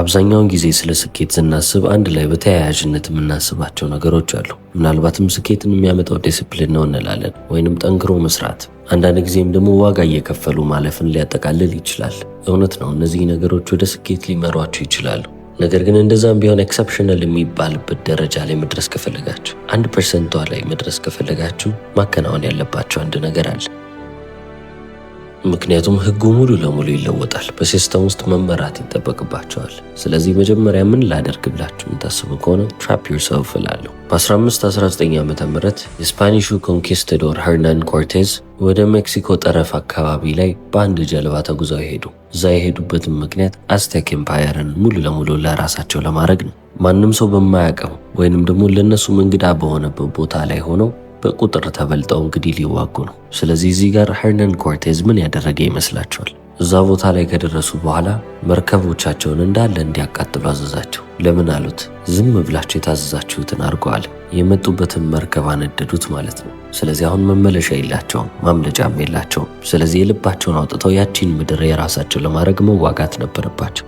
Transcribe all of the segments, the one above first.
አብዛኛውን ጊዜ ስለ ስኬት ስናስብ አንድ ላይ በተያያዥነት የምናስባቸው ነገሮች አሉ። ምናልባትም ስኬትን የሚያመጣው ዲስፕሊን ነው እንላለን፣ ወይንም ጠንክሮ መስራት፣ አንዳንድ ጊዜም ደግሞ ዋጋ እየከፈሉ ማለፍን ሊያጠቃልል ይችላል። እውነት ነው፣ እነዚህ ነገሮች ወደ ስኬት ሊመሯችሁ ይችላሉ። ነገር ግን እንደዛም ቢሆን ኤክሰፕሽናል የሚባልበት ደረጃ ላይ መድረስ ከፈለጋችሁ፣ አንድ ፐርሰንቷ ላይ መድረስ ከፈለጋችሁ ማከናወን ያለባቸው አንድ ነገር አለ። ምክንያቱም ህጉ ሙሉ ለሙሉ ይለወጣል። በሲስተም ውስጥ መመራት ይጠበቅባቸዋል። ስለዚህ መጀመሪያ ምን ላደርግ ብላችሁ የምታስቡ ከሆነ ትራፕ ዩርሰልፍ እላለሁ። በ1519 ዓ ም የስፓኒሹ ኮንኪስተዶር ሄርናን ኮርቴዝ ወደ ሜክሲኮ ጠረፍ አካባቢ ላይ በአንድ ጀልባ ተጉዘው ይሄዱ እዛ የሄዱበትም ምክንያት አስቴክ ኤምፓየርን ሙሉ ለሙሉ ለራሳቸው ለማድረግ ነው። ማንም ሰው በማያውቀው ወይንም ደግሞ ለእነሱም እንግዳ በሆነበት ቦታ ላይ ሆነው በቁጥር ተበልጠው እንግዲህ ሊዋጉ ነው። ስለዚህ እዚህ ጋር ሄርነን ኮርቴዝ ምን ያደረገ ይመስላችኋል? እዛ ቦታ ላይ ከደረሱ በኋላ መርከቦቻቸውን እንዳለ እንዲያቃጥሉ አዘዛቸው። ለምን አሉት? ዝም ብላቸው የታዘዛችሁትን አድርገዋል። የመጡበትን መርከብ አነደዱት ማለት ነው። ስለዚህ አሁን መመለሻ የላቸውም፣ ማምለጫም የላቸውም። ስለዚህ የልባቸውን አውጥተው ያቺን ምድር የራሳቸው ለማድረግ መዋጋት ነበረባቸው።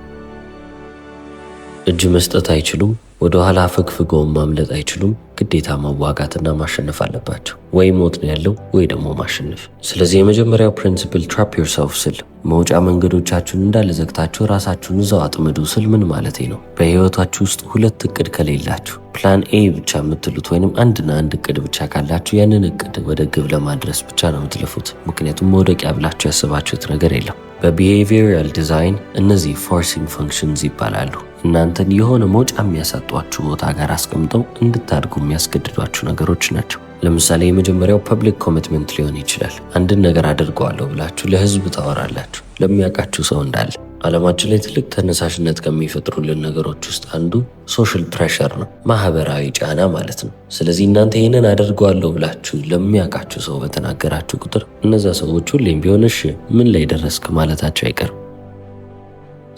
እጅ መስጠት አይችሉም። ወደ ኋላ ፍግፍገውን ማምለጥ አይችሉም። ግዴታ መዋጋትና ማሸነፍ አለባቸው። ወይ ሞት ነው ያለው፣ ወይ ደግሞ ማሸነፍ። ስለዚህ የመጀመሪያው ፕሪንሲፕል ትራፕ ዮርሰልፍ ስል መውጫ መንገዶቻችሁን እንዳለዘግታችሁ ራሳችሁን እዛው አጥምዱ ስል ምን ማለት ነው? በህይወታችሁ ውስጥ ሁለት እቅድ ከሌላችሁ ፕላን ኤ ብቻ የምትሉት ወይንም አንድና አንድ እቅድ ብቻ ካላችሁ ያንን እቅድ ወደ ግብ ለማድረስ ብቻ ነው የምትለፉት። ምክንያቱም መውደቂያ ብላችሁ ያስባችሁት ነገር የለም። በቢሄቪራል ዲዛይን እነዚህ ፎርሲንግ ፈንክሽንስ ይባላሉ። እናንተን የሆነ መውጫ የሚያሳጧችሁ ቦታ ጋር አስቀምጠው እንድታድጉ የሚያስገድዷችሁ ነገሮች ናቸው። ለምሳሌ የመጀመሪያው ፐብሊክ ኮሚትመንት ሊሆን ይችላል። አንድን ነገር አድርገዋለሁ ብላችሁ ለህዝብ ታወራላችሁ ለሚያውቃችሁ ሰው እንዳለ። ዓለማችን ላይ ትልቅ ተነሳሽነት ከሚፈጥሩልን ነገሮች ውስጥ አንዱ ሶሻል ፕሬሸር ነው፣ ማህበራዊ ጫና ማለት ነው። ስለዚህ እናንተ ይህንን አድርገዋለሁ ብላችሁ ለሚያውቃችሁ ሰው በተናገራችሁ ቁጥር እነዛ ሰዎች ሁሌም ቢሆን እሺ ምን ላይ ደረስክ ማለታቸው አይቀርም።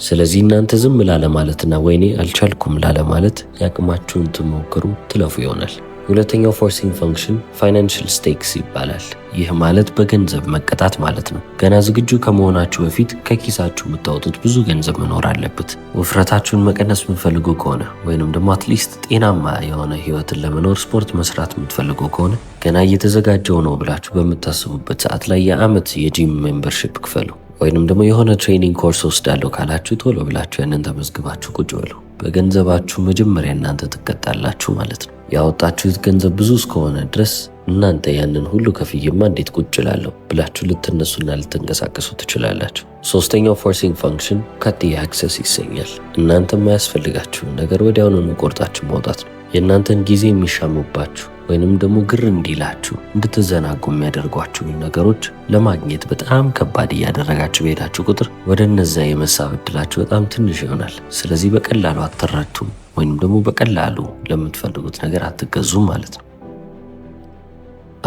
ስለዚህ እናንተ ዝም ላለማለትና ወይኔ አልቻልኩም ላለማለት ያቅማችሁን ትሞክሩ ትለፉ ይሆናል። ሁለተኛው ፎርሲንግ ፈንክሽን ፋይናንሽል ስቴክስ ይባላል። ይህ ማለት በገንዘብ መቀጣት ማለት ነው። ገና ዝግጁ ከመሆናችሁ በፊት ከኪሳችሁ የምታወጡት ብዙ ገንዘብ መኖር አለበት። ውፍረታችሁን መቀነስ የምትፈልጉ ከሆነ ወይንም ደግሞ አትሊስት ጤናማ የሆነ ህይወትን ለመኖር ስፖርት መስራት የምትፈልጉ ከሆነ ገና እየተዘጋጀው ነው ብላችሁ በምታስቡበት ሰዓት ላይ የአመት የጂም ሜምበርሺፕ ክፈሉ። ወይንም ደግሞ የሆነ ትሬኒንግ ኮርስ ወስዳለሁ ካላችሁ ቶሎ ብላችሁ ያንን ተመዝግባችሁ ቁጭ በሉ። በገንዘባችሁ መጀመሪያ እናንተ ትቀጣላችሁ ማለት ነው። ያወጣችሁት ገንዘብ ብዙ እስከሆነ ድረስ እናንተ ያንን ሁሉ ከፍዬማ እንዴት ቁጭ ላለሁ ብላችሁ ልትነሱና ልትንቀሳቀሱ ትችላላችሁ። ሶስተኛው ፎርሲንግ ፈንክሽን ካት አክሰስ ይሰኛል። እናንተ የማያስፈልጋችሁን ነገር ወዲያውኑ ቆርጣችሁ ማውጣት ነው። የእናንተን ጊዜ የሚሻሙባችሁ ወይንም ደግሞ ግር እንዲላችሁ እንድትዘናጉ የሚያደርጓችሁን ነገሮች ለማግኘት በጣም ከባድ እያደረጋችሁ በሄዳችሁ ቁጥር ወደ እነዚያ የመሳብ እድላችሁ በጣም ትንሽ ይሆናል። ስለዚህ በቀላሉ አትረቱም፣ ወይንም ደግሞ በቀላሉ ለምትፈልጉት ነገር አትገዙም ማለት ነው።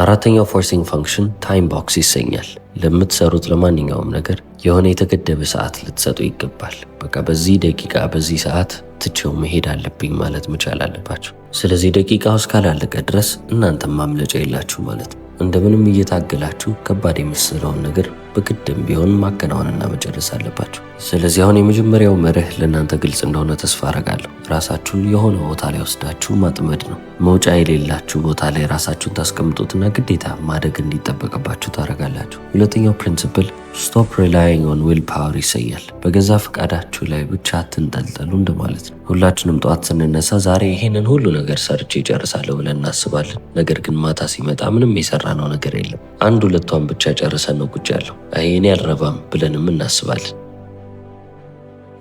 አራተኛው ፎርሲንግ ፋንክሽን ታይም ቦክስ ይሰኛል። ለምትሰሩት ለማንኛውም ነገር የሆነ የተገደበ ሰዓት ልትሰጡ ይገባል። በቃ በዚህ ደቂቃ በዚህ ሰዓት ትቼው መሄድ አለብኝ ማለት መቻል አለባቸው። ስለዚህ ደቂቃው እስካላለቀ ድረስ እናንተም ማምለጫ የላችሁ ማለት ነው። እንደምንም እየታገላችሁ ከባድ የሚመስለውን ነገር በግድም ቢሆን ማከናወንና መጨረስ አለባችሁ። ስለዚህ አሁን የመጀመሪያው መርህ ለእናንተ ግልጽ እንደሆነ ተስፋ አረጋለሁ። ራሳችሁን የሆነ ቦታ ላይ ወስዳችሁ ማጥመድ ነው። መውጫ የሌላችሁ ቦታ ላይ ራሳችሁን ታስቀምጡትና ግዴታ ማደግ እንዲጠበቅባችሁ ታደርጋላችሁ። ሁለተኛው ፕሪንስፕል ስቶፕ ሪላይንግ ኦን ዊል ፓወር ይሰያል። በገዛ ፈቃዳችሁ ላይ ብቻ አትንጠልጠሉ እንደማለት ነው። ሁላችንም ጠዋት ስንነሳ ዛሬ ይሄንን ሁሉ ነገር ሰርቼ ይጨርሳለሁ ብለን እናስባለን። ነገር ግን ማታ ሲመጣ ምንም የሰራ የሰራነው ነገር የለም። አንድ ሁለቷን ብቻ ጨርሰን ነው ጉጅ ያለው አይ እኔ አልረባም ብለንም እናስባለን።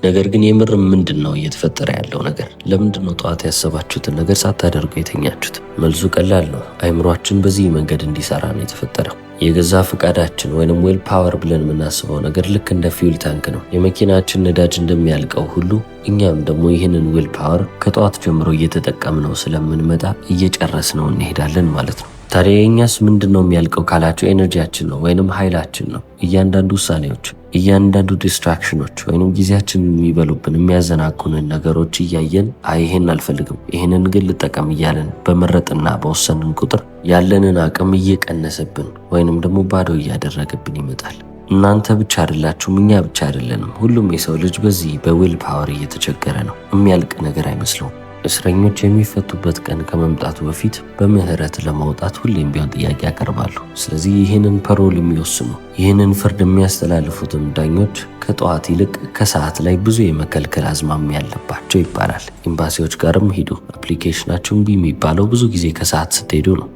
ነገር ግን የምር ምንድን ነው እየተፈጠረ ያለው ነገር? ለምንድን ነው ጠዋት ያሰባችሁትን ነገር ሳታደርጉ የተኛችሁት? መልሱ ቀላል ነው። አይምሯችን በዚህ መንገድ እንዲሰራ ነው የተፈጠረው። የገዛ ፈቃዳችን ወይንም ዌል ፓወር ብለን የምናስበው ነገር ልክ እንደ ፊውል ታንክ ነው። የመኪናችን ነዳጅ እንደሚያልቀው ሁሉ እኛም ደግሞ ይህንን ዌል ፓወር ከጠዋት ጀምሮ እየተጠቀምነው ስለምንመጣ እየጨረስነው እንሄዳለን ማለት ነው። ታዲያ የእኛስ ምንድን ነው የሚያልቀው ካላቸው ኤነርጂያችን ነው ወይንም ኃይላችን ነው። እያንዳንዱ ውሳኔዎች፣ እያንዳንዱ ዲስትራክሽኖች ወይንም ጊዜያችን የሚበሉብን የሚያዘናጉንን ነገሮች እያየን ይሄን አልፈልግም ይሄንን ግን ልጠቀም እያለን በመረጥና በወሰንን ቁጥር ያለንን አቅም እየቀነሰብን ወይንም ደግሞ ባዶ እያደረገብን ይመጣል። እናንተ ብቻ አይደላችሁም፣ እኛ ብቻ አይደለንም። ሁሉም የሰው ልጅ በዚህ በዊል ፓወር እየተቸገረ ነው። የሚያልቅ ነገር አይመስለውም። እስረኞች የሚፈቱበት ቀን ከመምጣቱ በፊት በምህረት ለማውጣት ሁሌም ቢሆን ጥያቄ ያቀርባሉ። ስለዚህ ይህንን ፐሮል የሚወስኑ ይህንን ፍርድ የሚያስተላልፉትም ዳኞች ከጠዋት ይልቅ ከሰዓት ላይ ብዙ የመከልከል አዝማሚያ ያለባቸው ይባላል። ኤምባሲዎች ጋርም ሂዱ። አፕሊኬሽናችሁን ቢ የሚባለው ብዙ ጊዜ ከሰዓት ስትሄዱ ነው።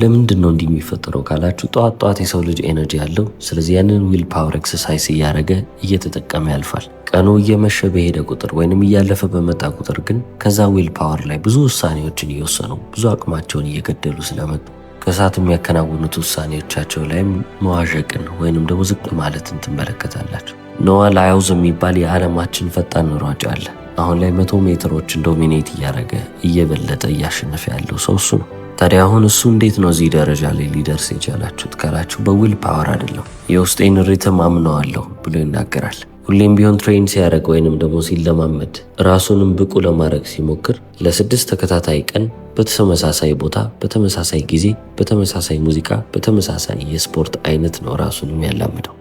ለምንድን ነው እንዲህ የሚፈጠረው ካላችሁ ጠዋት ጠዋት የሰው ልጅ ኤነርጂ ያለው ስለዚህ ያንን ዊል ፓወር ኤክሰርሳይስ እያደረገ እየተጠቀመ ያልፋል። ቀኑ እየመሸ በሄደ ቁጥር ወይንም እያለፈ በመጣ ቁጥር ግን ከዛ ዊል ፓወር ላይ ብዙ ውሳኔዎችን እየወሰኑ ብዙ አቅማቸውን እየገደሉ ስለመጡ ከሰዓት የሚያከናውኑት ውሳኔዎቻቸው ላይም መዋዠቅን ወይንም ደግሞ ዝቅ ማለትን ትመለከታላችሁ። ኖዋ ላይውዝ የሚባል የዓለማችን ፈጣን ሯጭ አለ። አሁን ላይ መቶ ሜትሮችን ዶሚኔት እያደረገ እየበለጠ እያሸነፈ ያለው ሰው እሱ ነው። ታዲያ አሁን እሱ እንዴት ነው እዚህ ደረጃ ላይ ሊደርስ የቻላችሁት ካላችሁ በዊል ፓወር አይደለም፣ የውስጤን ሪትም አምነዋለሁ ብሎ ይናገራል። ሁሌም ቢሆን ትሬን ሲያደርግ ወይንም ደግሞ ሲለማመድ ራሱንም ብቁ ለማድረግ ሲሞክር ለስድስት ተከታታይ ቀን በተመሳሳይ ቦታ፣ በተመሳሳይ ጊዜ፣ በተመሳሳይ ሙዚቃ፣ በተመሳሳይ የስፖርት አይነት ነው ራሱንም ያላምደው።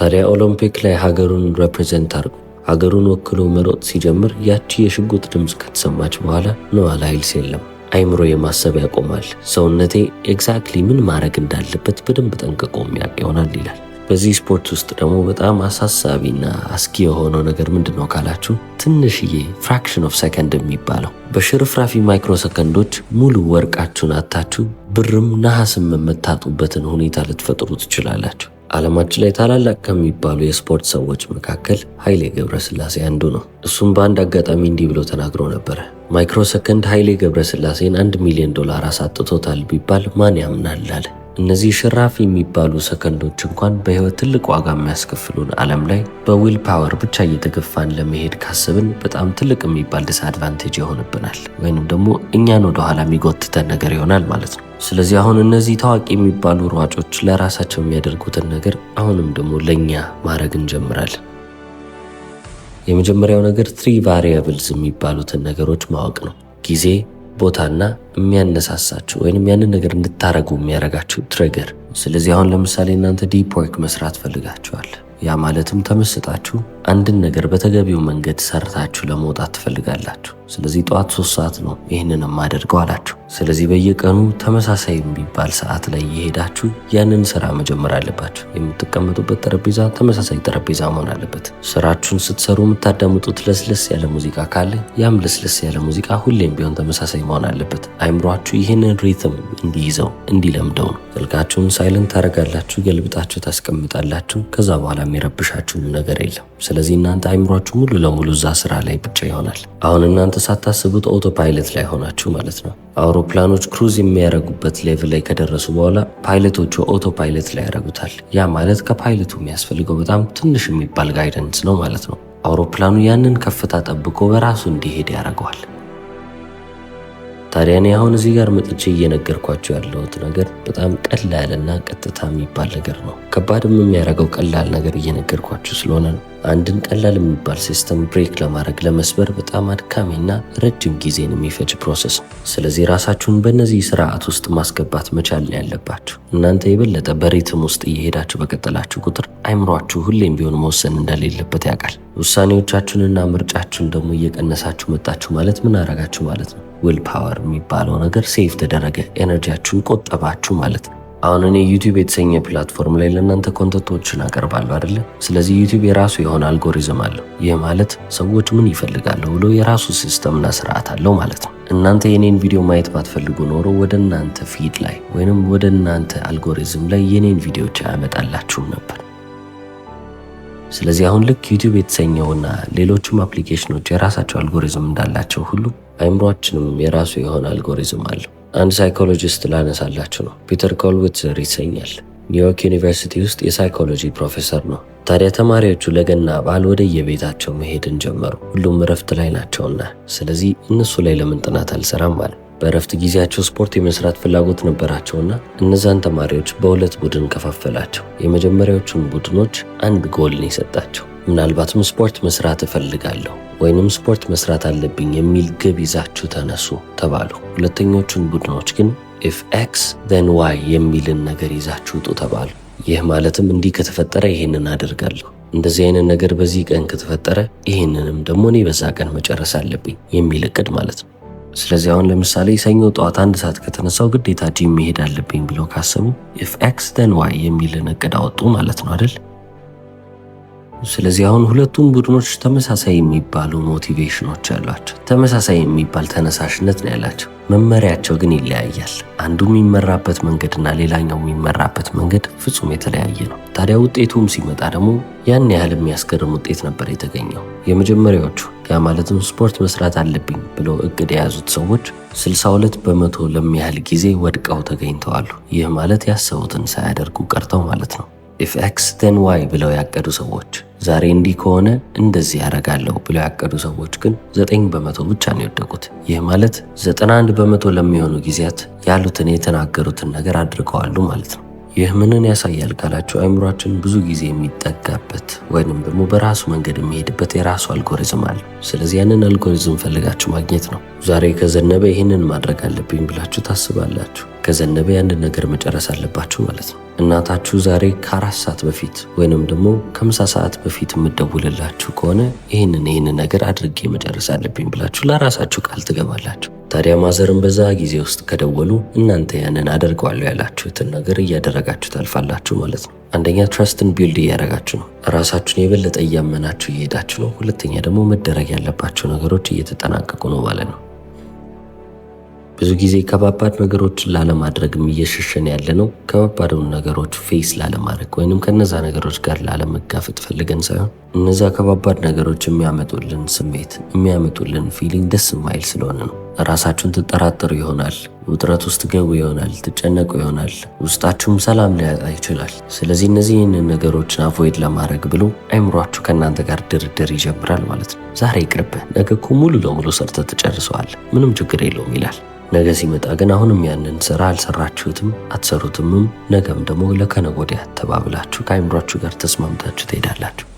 ታዲያ ኦሎምፒክ ላይ ሀገሩን ሬፕሬዘንት አድርጎ ሀገሩን ወክሎ መሮጥ ሲጀምር ያቺ የሽጉጥ ድምፅ ከተሰማች በኋላ ነዋል ኃይልስ የለም። አይምሮ የማሰብ ያቆማል። ሰውነቴ ኤግዛክትሊ ምን ማድረግ እንዳለበት በደንብ ጠንቅቆ የሚያውቅ ይሆናል ይላል። በዚህ ስፖርት ውስጥ ደግሞ በጣም አሳሳቢና አስጊ የሆነው ነገር ምንድን ነው ካላችሁ ትንሽዬ ፍራክሽን ኦፍ ሰከንድ የሚባለው በሽርፍራፊ ማይክሮ ሰከንዶች ሙሉ ወርቃችሁን አታችሁ ብርም ነሐስም የምታጡበትን ሁኔታ ልትፈጥሩ ትችላላችሁ። ዓለማችን ላይ ታላላቅ ከሚባሉ የስፖርት ሰዎች መካከል ኃይሌ ገብረስላሴ አንዱ ነው። እሱም በአንድ አጋጣሚ እንዲህ ብሎ ተናግሮ ነበረ። ማይክሮ ሰከንድ ኃይሌ ገብረስላሴን አንድ ሚሊዮን ዶላር አሳጥቶታል ቢባል ማን ያምናል አለ። እነዚህ ሽራፍ የሚባሉ ሰከንዶች እንኳን በህይወት ትልቅ ዋጋ የሚያስከፍሉን ዓለም ላይ በዊል ፓወር ብቻ እየተገፋን ለመሄድ ካስብን በጣም ትልቅ የሚባል ዲስአድቫንቴጅ ይሆንብናል፣ ወይንም ደግሞ እኛን ወደኋላ የሚጎትተን ነገር ይሆናል ማለት ነው። ስለዚህ አሁን እነዚህ ታዋቂ የሚባሉ ሯጮች ለራሳቸው የሚያደርጉትን ነገር አሁንም ደግሞ ለእኛ ማድረግ እንጀምራለን። የመጀመሪያው ነገር ትሪ ቫሪያብልስ የሚባሉትን ነገሮች ማወቅ ነው። ጊዜ ቦታና የሚያነሳሳችሁ ወይም ያንን ነገር እንድታረጉ የሚያረጋችሁ ትሪገር። ስለዚህ አሁን ለምሳሌ እናንተ ዲፕ ወርክ መስራት ፈልጋችኋል። ያ ማለትም ተመስጣችሁ አንድን ነገር በተገቢው መንገድ ሰርታችሁ ለመውጣት ትፈልጋላችሁ። ስለዚህ ጠዋት ሶስት ሰዓት ነው ይህንን የማደርገው አላችሁ። ስለዚህ በየቀኑ ተመሳሳይ የሚባል ሰዓት ላይ የሄዳችሁ ያንን ስራ መጀመር አለባችሁ። የምትቀመጡበት ጠረጴዛ ተመሳሳይ ጠረጴዛ መሆን አለበት። ስራችሁን ስትሰሩ የምታዳምጡት ለስለስ ያለ ሙዚቃ ካለ ያም ለስለስ ያለ ሙዚቃ ሁሌም ቢሆን ተመሳሳይ መሆን አለበት። አይምሯችሁ ይህንን ሪትም እንዲይዘው እንዲለምደው ነው። ስልካችሁን ሳይለንት ታደርጋላችሁ፣ ገልብጣችሁ ታስቀምጣላችሁ። ከዛ በኋላ የሚረብሻችሁ ነገር የለም። ስለዚህ እናንተ አይምሯችሁ ሙሉ ለሙሉ እዛ ስራ ላይ ብቻ ይሆናል። አሁን እናንተ ሳታስቡት ኦቶ ፓይለት ላይ ሆናችሁ ማለት ነው። አውሮፕላኖች ክሩዝ የሚያደርጉበት ሌቭል ላይ ከደረሱ በኋላ ፓይለቶቹ ኦቶ ፓይለት ላይ ያደርጉታል። ያ ማለት ከፓይለቱ የሚያስፈልገው በጣም ትንሽ የሚባል ጋይደንስ ነው ማለት ነው። አውሮፕላኑ ያንን ከፍታ ጠብቆ በራሱ እንዲሄድ ያደርገዋል። ታዲያ እኔ አሁን እዚህ ጋር መጥቼ እየነገርኳቸው ያለሁት ነገር በጣም ቀላልና ቀጥታ የሚባል ነገር ነው። ከባድም የሚያደርገው ቀላል ነገር እየነገርኳችሁ ስለሆነ ነው። አንድን ቀላል የሚባል ሲስተም ብሬክ ለማድረግ ለመስበር በጣም አድካሚና ረጅም ጊዜን የሚፈጅ ፕሮሰስ ነው። ስለዚህ ራሳችሁን በእነዚህ ስርዓት ውስጥ ማስገባት መቻል ነው ያለባችሁ። እናንተ የበለጠ በሪትም ውስጥ እየሄዳችሁ በቀጠላችሁ ቁጥር አይምሯችሁ ሁሌም ቢሆን መወሰን እንደሌለበት ያውቃል። ውሳኔዎቻችሁንና ምርጫችሁን ደግሞ እየቀነሳችሁ መጣችሁ ማለት ምን አረጋችሁ ማለት ነው? ዊል ፓወር የሚባለው ነገር ሴቭ ተደረገ፣ ኤነርጂያችሁን ቆጠባችሁ ማለት ነው። አሁን እኔ ዩቲዩብ የተሰኘ ፕላትፎርም ላይ ለእናንተ ኮንተንቶችን አቀርባለሁ አይደለ? ስለዚህ ዩቲዩብ የራሱ የሆነ አልጎሪዝም አለው። ይህ ማለት ሰዎች ምን ይፈልጋሉ ብሎ የራሱ ሲስተምና ስርዓት አለው ማለት ነው። እናንተ የኔን ቪዲዮ ማየት ባትፈልጉ ኖሮ ወደ እናንተ ፊድ ላይ ወይንም ወደ እናንተ አልጎሪዝም ላይ የኔን ቪዲዮች አያመጣላችሁም ነበር። ስለዚህ አሁን ልክ ዩቲዩብ የተሰኘውና ሌሎችም አፕሊኬሽኖች የራሳቸው አልጎሪዝም እንዳላቸው ሁሉ አይምሯችንም የራሱ የሆነ አልጎሪዝም አለው። አንድ ሳይኮሎጂስት ላነሳላችሁ ነው። ፒተር ኮልዊትዘር ይሰኛል። ኒውዮርክ ዩኒቨርሲቲ ውስጥ የሳይኮሎጂ ፕሮፌሰር ነው። ታዲያ ተማሪዎቹ ለገና በዓል ወደ የቤታቸው መሄድን ጀመሩ። ሁሉም እረፍት ላይ ናቸውና፣ ስለዚህ እነሱ ላይ ለምን ጥናት አልሰራም አለ። በእረፍት ጊዜያቸው ስፖርት የመስራት ፍላጎት ነበራቸውና እነዛን ተማሪዎች በሁለት ቡድን ከፋፈላቸው። የመጀመሪያዎቹን ቡድኖች አንድ ጎልን ይሰጣቸው። ምናልባትም ስፖርት መስራት እፈልጋለሁ ወይንም ስፖርት መስራት አለብኝ የሚል ግብ ይዛችሁ ተነሱ ተባሉ። ሁለተኞቹን ቡድኖች ግን ኢፍ ኤክስ ዘን ዋይ የሚልን ነገር ይዛችሁ ውጡ ተባሉ። ይህ ማለትም እንዲህ ከተፈጠረ ይህንን አደርጋለሁ፣ እንደዚህ አይነት ነገር በዚህ ቀን ከተፈጠረ ይህንንም ደግሞ እኔ በዛ ቀን መጨረስ አለብኝ የሚል እቅድ ማለት ነው። ስለዚህ አሁን ለምሳሌ ሰኞ ጠዋት አንድ ሰዓት ከተነሳው ግዴታ ጂም መሄድ አለብኝ ብለው ካሰቡ ኢፍ ኤክስ ዘን ዋይ የሚልን እቅድ አወጡ ማለት ነው አደል? ስለዚህ አሁን ሁለቱም ቡድኖች ተመሳሳይ የሚባሉ ሞቲቬሽኖች ያሏቸው፣ ተመሳሳይ የሚባል ተነሳሽነት ነው ያላቸው። መመሪያቸው ግን ይለያያል። አንዱ የሚመራበት መንገድና ሌላኛው የሚመራበት መንገድ ፍጹም የተለያየ ነው። ታዲያ ውጤቱም ሲመጣ ደግሞ ያን ያህል የሚያስገርም ውጤት ነበር የተገኘው። የመጀመሪያዎቹ ያ ማለትም ስፖርት መስራት አለብኝ ብለው እቅድ የያዙት ሰዎች 62 በመቶ ለሚያህል ጊዜ ወድቀው ተገኝተዋሉ። ይህ ማለት ያሰቡትን ሳያደርጉ ቀርተው ማለት ነው። ኢፍ ኤክስ ቴን ዋይ ብለው ያቀዱ ሰዎች ዛሬ እንዲህ ከሆነ እንደዚህ ያደርጋለሁ ብለው ያቀዱ ሰዎች ግን ዘጠኝ በመቶ ብቻ ነው የወደቁት። ይህ ማለት ዘጠና አንድ በመቶ ለሚሆኑ ጊዜያት ያሉትን የተናገሩትን ነገር አድርገዋሉ ማለት ነው። ይህ ምንን ያሳያል ካላችሁ አይምሯችን ብዙ ጊዜ የሚጠጋበት ወይንም ደግሞ በራሱ መንገድ የሚሄድበት የራሱ አልጎሪዝም አለ። ስለዚህ ያንን አልጎሪዝም ፈልጋችሁ ማግኘት ነው። ዛሬ ከዘነበ ይህንን ማድረግ አለብኝ ብላችሁ ታስባላችሁ። ከዘነበ ያንድ ነገር መጨረስ አለባችሁ ማለት ነው። እናታችሁ ዛሬ ከአራት ሰዓት በፊት ወይንም ደግሞ ከምሳ ሰዓት በፊት የምደውልላችሁ ከሆነ ይህንን ይህንን ነገር አድርጌ መጨረስ አለብኝ ብላችሁ ለራሳችሁ ቃል ትገባላችሁ። ታዲያ ማዘርን በዛ ጊዜ ውስጥ ከደወሉ እናንተ ያንን አደርገዋለሁ ያላችሁትን ነገር እያደረጋችሁ ታልፋላችሁ ማለት ነው። አንደኛ ትረስትን ቢልድ እያደረጋችሁ ነው፣ ራሳችሁን የበለጠ እያመናችሁ እየሄዳችሁ ነው። ሁለተኛ ደግሞ መደረግ ያለባቸው ነገሮች እየተጠናቀቁ ነው ማለት ነው። ብዙ ጊዜ ከባባድ ነገሮችን ላለማድረግም እየሸሸን ያለ ነው። ከባባዱን ነገሮች ፌስ ላለማድረግ ወይንም ከነዛ ነገሮች ጋር ላለመጋፈጥ ፈልገን ሳይሆን እነዛ ከባባድ ነገሮች የሚያመጡልን ስሜት የሚያመጡልን ፊሊንግ ደስ የማይል ስለሆነ ነው። ራሳችሁን ትጠራጠሩ ይሆናል። ውጥረት ውስጥ ገቡ ይሆናል። ትጨነቁ ይሆናል። ውስጣችሁም ሰላም ሊያጣ ይችላል። ስለዚህ እነዚህ ይህንን ነገሮችን አቮይድ ለማድረግ ብሎ አይምሯችሁ ከእናንተ ጋር ድርድር ይጀምራል ማለት ነው። ዛሬ ይቅርብህ፣ ነገ እኮ ሙሉ ለሙሉ ሰርተ ትጨርሰዋል፣ ምንም ችግር የለውም ይላል። ነገ ሲመጣ ግን አሁንም ያንን ስራ አልሰራችሁትም፣ አትሰሩትምም። ነገም ደግሞ ለከነጎዲያ ተባብላችሁ ከአይምሯችሁ ጋር ተስማምታችሁ ትሄዳላችሁ።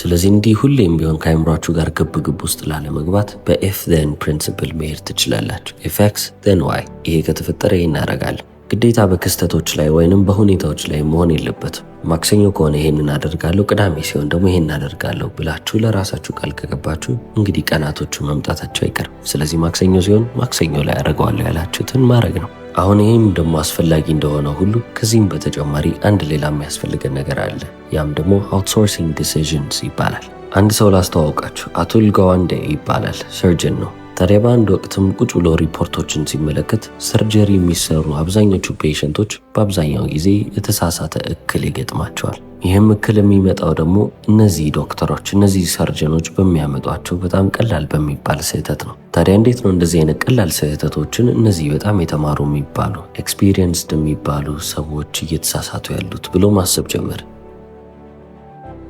ስለዚህ እንዲህ ሁሌም ቢሆን ከአይምሯችሁ ጋር ግብ ግብ ውስጥ ላለመግባት በኤፍ ዘን ፕሪንስፕል መሄድ ትችላላችሁ። ኤፍ ኤክስ ዘን ዋይ። ይሄ ከተፈጠረ ይህ እናደርጋለን። ግዴታ በክስተቶች ላይ ወይንም በሁኔታዎች ላይ መሆን የለበትም። ማክሰኞ ከሆነ ይሄንን እናደርጋለሁ፣ ቅዳሜ ሲሆን ደግሞ ይሄን አደርጋለሁ ብላችሁ ለራሳችሁ ቃል ከገባችሁ እንግዲህ ቀናቶቹ መምጣታቸው አይቀርም። ስለዚህ ማክሰኞ ሲሆን ማክሰኞ ላይ አደርገዋለሁ ያላችሁትን ማድረግ ነው። አሁን ይህም ደግሞ አስፈላጊ እንደሆነ ሁሉ ከዚህም በተጨማሪ አንድ ሌላ የሚያስፈልገን ነገር አለ። ያም ደግሞ አውትሶርሲንግ ዲሲዥንስ ይባላል። አንድ ሰው ላስተዋውቃችሁ፣ አቱል ጋዋንዴ ይባላል። ሰርጅን ነው ታዲያ በአንድ ወቅትም ቁጭ ብሎ ሪፖርቶችን ሲመለከት ሰርጀሪ የሚሰሩ አብዛኞቹ ፔሸንቶች በአብዛኛው ጊዜ የተሳሳተ እክል ይገጥማቸዋል። ይህም እክል የሚመጣው ደግሞ እነዚህ ዶክተሮች፣ እነዚህ ሰርጀኖች በሚያመጧቸው በጣም ቀላል በሚባል ስህተት ነው። ታዲያ እንዴት ነው እንደዚህ አይነት ቀላል ስህተቶችን እነዚህ በጣም የተማሩ የሚባሉ ኤክስፒሪየንስድ የሚባሉ ሰዎች እየተሳሳቱ ያሉት ብሎ ማሰብ ጀመር።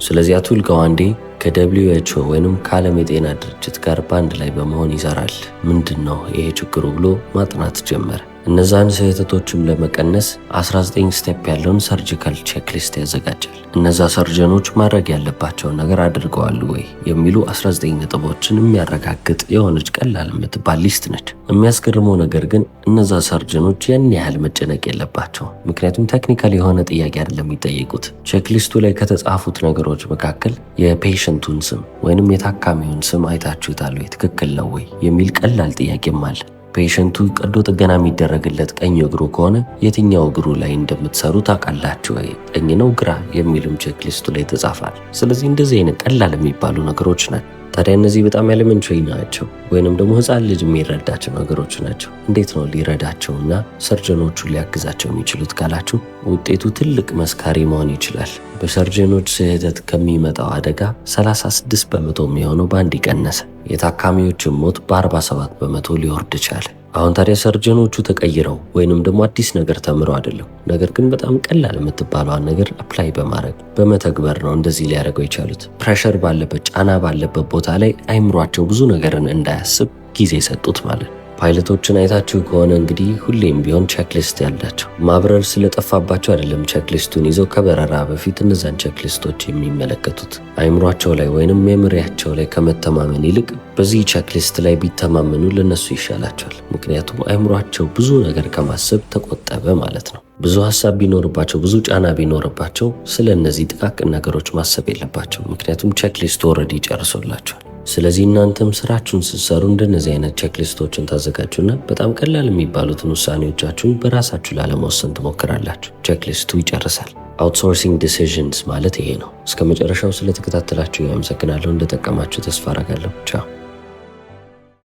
ስለዚህ አቱል ጋዋንዴ ከደብሊዩ ኤች ኦ ወይም ከዓለም የጤና ድርጅት ጋር በአንድ ላይ በመሆን ይሰራል። ምንድን ነው ይሄ ችግሩ ብሎ ማጥናት ጀመረ። እነዛን ስህተቶችም ለመቀነስ 19 ስቴፕ ያለውን ሰርጂካል ቼክሊስት ያዘጋጃል። እነዛ ሰርጀኖች ማድረግ ያለባቸውን ነገር አድርገዋል ወይ የሚሉ 19 ነጥቦችን የሚያረጋግጥ የሆነች ቀላል የምትባል ሊስት ነች። የሚያስገርመው ነገር ግን እነዛ ሰርጀኖች ያን ያህል መጨነቅ የለባቸው፣ ምክንያቱም ቴክኒካል የሆነ ጥያቄ አይደለም የሚጠይቁት። ቼክሊስቱ ላይ ከተጻፉት ነገሮች መካከል የፔሸንቱን ስም ወይንም የታካሚውን ስም አይታችሁታል ወይ፣ ትክክል ነው ወይ የሚል ቀላል ጥያቄም አለ። ፔሸንቱ ቀዶ ጥገና የሚደረግለት ቀኝ እግሩ ከሆነ የትኛው እግሩ ላይ እንደምትሰሩ ታውቃላችሁ ወይ? ቀኝ ነው ግራ የሚልም ቼክሊስቱ ላይ ተጻፋል። ስለዚህ እንደዚህ አይነት ቀላል የሚባሉ ነገሮች ናቸው። ታዲያ እነዚህ በጣም ኤሌመንትሪ ናቸው፣ ወይንም ደግሞ ህፃን ልጅ የሚረዳቸው ነገሮች ናቸው። እንዴት ነው ሊረዳቸውና ሰርጀኖቹ ሊያግዛቸው የሚችሉት ካላችሁ፣ ውጤቱ ትልቅ መስካሪ መሆን ይችላል። በሰርጀኖች ስህተት ከሚመጣው አደጋ 36 በመቶ የሚሆነው በአንድ ይቀነሰ፣ የታካሚዎችን ሞት በ47 በመቶ ሊወርድ ቻለ። አሁን ታዲያ ሰርጀኖቹ ተቀይረው ወይንም ደግሞ አዲስ ነገር ተምረው አይደለም። ነገር ግን በጣም ቀላል የምትባለዋን ነገር አፕላይ በማድረግ በመተግበር ነው እንደዚህ ሊያደርገው የቻሉት። ፕሬሸር ባለበት ጫና ባለበት ቦታ ላይ አይምሯቸው ብዙ ነገርን እንዳያስብ ጊዜ ሰጡት ማለት ነው። ፓይለቶችን አይታችሁ ከሆነ እንግዲህ ሁሌም ቢሆን ቼክሊስት ያላቸው ማብረር ስለጠፋባቸው አይደለም ቼክሊስቱን ይዘው ከበረራ በፊት እነዛን ቼክሊስቶች የሚመለከቱት። አይምሯቸው ላይ ወይንም ሜሞሪያቸው ላይ ከመተማመን ይልቅ በዚህ ቼክሊስት ላይ ቢተማመኑ ለነሱ ይሻላቸዋል። ምክንያቱም አይምሯቸው ብዙ ነገር ከማሰብ ተቆጠበ ማለት ነው። ብዙ ሀሳብ ቢኖርባቸው፣ ብዙ ጫና ቢኖርባቸው ስለ እነዚህ ጥቃቅን ነገሮች ማሰብ የለባቸው። ምክንያቱም ቼክሊስቱ ኦልሬዲ ጨርሶላቸዋል። ስለዚህ እናንተም ስራችሁን ስትሰሩ እንደነዚህ አይነት ቼክሊስቶችን ታዘጋጁና በጣም ቀላል የሚባሉትን ውሳኔዎቻችሁን በራሳችሁ ላለመወሰን ትሞክራላችሁ። ቼክሊስቱ ይጨርሳል። አውትሶርሲንግ ዲሲዥንስ ማለት ይሄ ነው። እስከ መጨረሻው ስለተከታተላችሁ ያመሰግናለሁ። እንደጠቀማችሁ ተስፋ አረጋለሁ። ቻው።